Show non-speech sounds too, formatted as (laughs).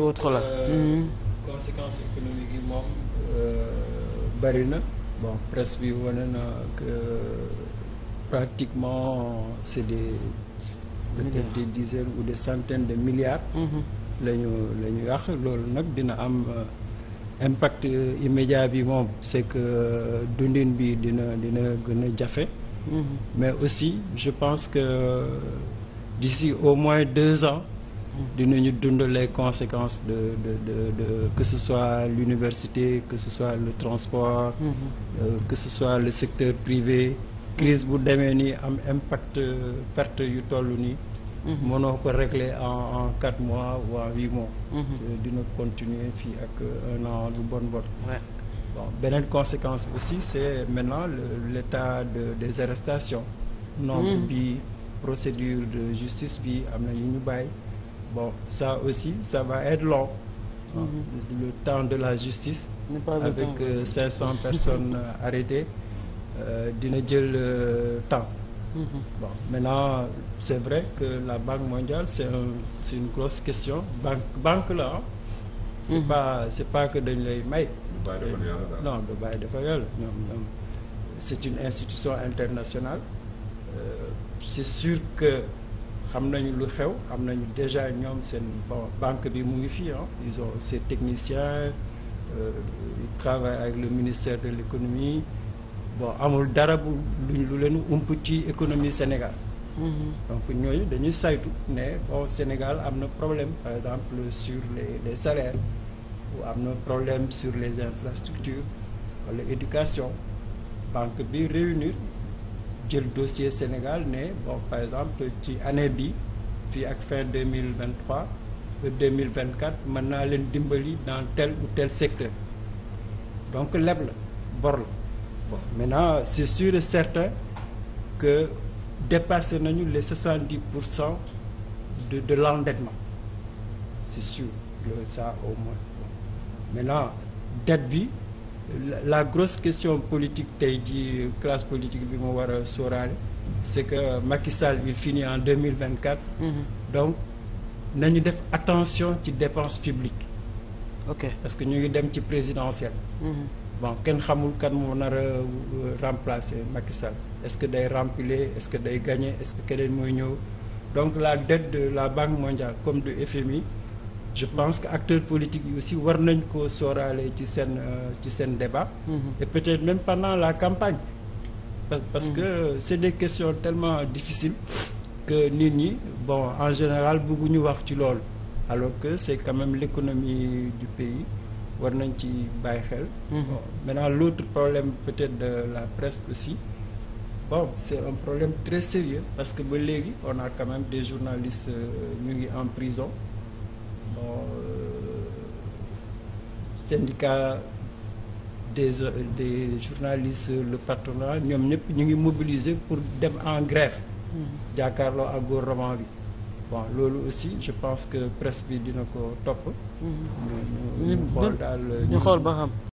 autre la euh, mhm. conséquences économiques yi moom euh, bari na bon presse bi wane na que euh, pratiquement c'est des peut-être des dizaines ou des centaines de milliards mhm. la ñu la ñu yàq loolu nag dina am impact immédiat bi moom c'est que dundin bi dina dina gën a jafe mhm. mais aussi je pense que d'ici au moins deux ans dinañu dund les conséquences de de de de que ce soit l'université que ce soit le transport mm-hmm. euh, que ce soit le secteur privé crise bu demee nii am impact euh, perte yu toll nii mm-hmm. mënoo ko régler en en quatre mois ou en huit mois mm-hmm. dina continuer fii ak un an lu bon bon bon beneen conséquence aussi c'est maintenant l'état de des arrestations nombre bi procédure de justice bi am na ñu ñu bàyyi bon ça aussi ça va être long ah. le temps de la justice avec euh, 500 (laughs) personnes euh, arrêtées euh, dina jël euh, temps Mmh. Bon, c'est vrai que la Banque mondiale, c'est un, c'est une grosse question. Banque, banque mm-hmm. c'est pas, que dañ lay may. Non, du bàyyi dafa yàlla ñoom ñoom c'est internationale. Euh, c'est sûr que xam nañu lu xew am nañu déjà ñoom seen bon banque bi mu ngi fii ah ils ont ces techniciens euh, avec le ministère de l'économie bon amul dara bu luñ lu leen ump ci économie Sénégal mm-hmm. donc ñooñu dañuy saytu ne bon Sénégal am na problème par exemple sur les les salaires ou am na problème sur les infrastructures wala éducation banque bi réunir jël dossier Sénégal ne bon par exemple ci année bi fii ak fin deux mille vingt trois mille vingt quatre mën naa leen dimbali dans tel ou tel secteur donc leb la bor la bon maintenant c'est sûr et certain que dépassé nañu les soixante dix pour cent de de l'endettement c'est sûr ça au moins maintenant dette bi. la grosse question politique tey jii classe politique bi mu war a sóoraale c'est que Macky Sall il finit en 2024 mm -hmm. donc nañu def attention ci dépense publique ok parce que ñu ngi dem ci présidentielle mm -hmm. bon kenn xamul kan moo nar a euh, remplacer Macky Sall est-ce que day rempiler est-ce que day gagner est-ce que keneen mooy ñëw donc la dette de la Banque mondiale comme de FMI je pense que acteurs politiques yi aussi war nañ ko sóoraale ci seen euh, ci seen débat mhm. et peut-être même pendant la campagne parce mhm. que c'est des questions tellement difficiles que nit ñi bon en général bëgguñu wax ci loolu alors que c'est quand même l'économie du pays war nañ ci bàyyi xel mhm. bon maintenant l'autre problème peut-être de la presse aussi bon c'est un problème très sérieux parce que ba léegi on a quand même des journalistes euh, ñu ngi en prison bon euh, syndicat des des journalistes le patronat ñoom ñëpp ñu ngi mobiliser pour dem engrais grève hmm. jàkkaarloo ak gouvernement bi bon loolu aussi je pense que presse bi dina ko topp hmm. ñu xool daal ñu xool ba xam